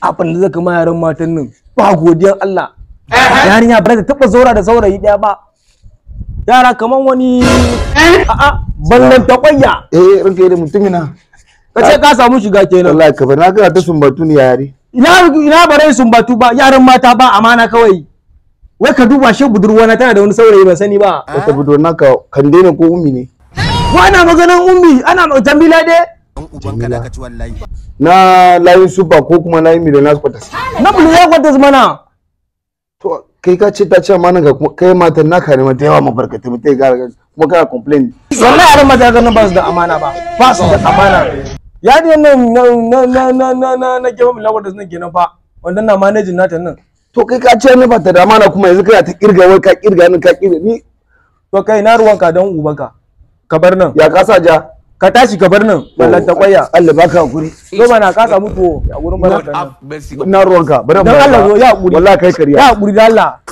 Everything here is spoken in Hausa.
abin da zaka ma yaran matan nan ba godiyan Allah yarinya ba ta taba zaura da saurayi daya ba yara kaman wani eh? a'a ballan ta kwayya eh ranka yi da mutumina Na ce ka samu shiga kenan wallahi ka na ga ta sumbatu ne yare ina ina bare sumbatu ba yaran mata ba amana kawai wai ka duba shi budurwana tana da wani saurayi ba sani ba wata budurwana ka kande ne ko ummi ne Ko ana maganan ummi ana tambila dai dan ubanka da ka ci wallahi na layin super ko kuma layin su quarters na millionaires quarters mana to kai ka ce ta ce mana ga kai mata naka ne mata yawa mabarkatai mata ga kuma kana complain wallahi aran mata ga nan ba su da amana ba ba su da amana ya ne nan na na na na na na gaba millionaires quarters nan kenan fa wannan na manajin nata nan to kai ka ce ni ba ta da amana kuma yanzu kai ta kirga wai ka kirga ni ka kirga ni to kai na ruwanka dan ubanka ka bar nan ya kasa ja ka tashi ka bar nan ballan ta kwaya oh, Allah baka hakuri to mana ka samu tuwo a gurin ballan nan na ruwanka bari mu Allah zo ya hakuri wallahi kai kariya ya hakuri da Allah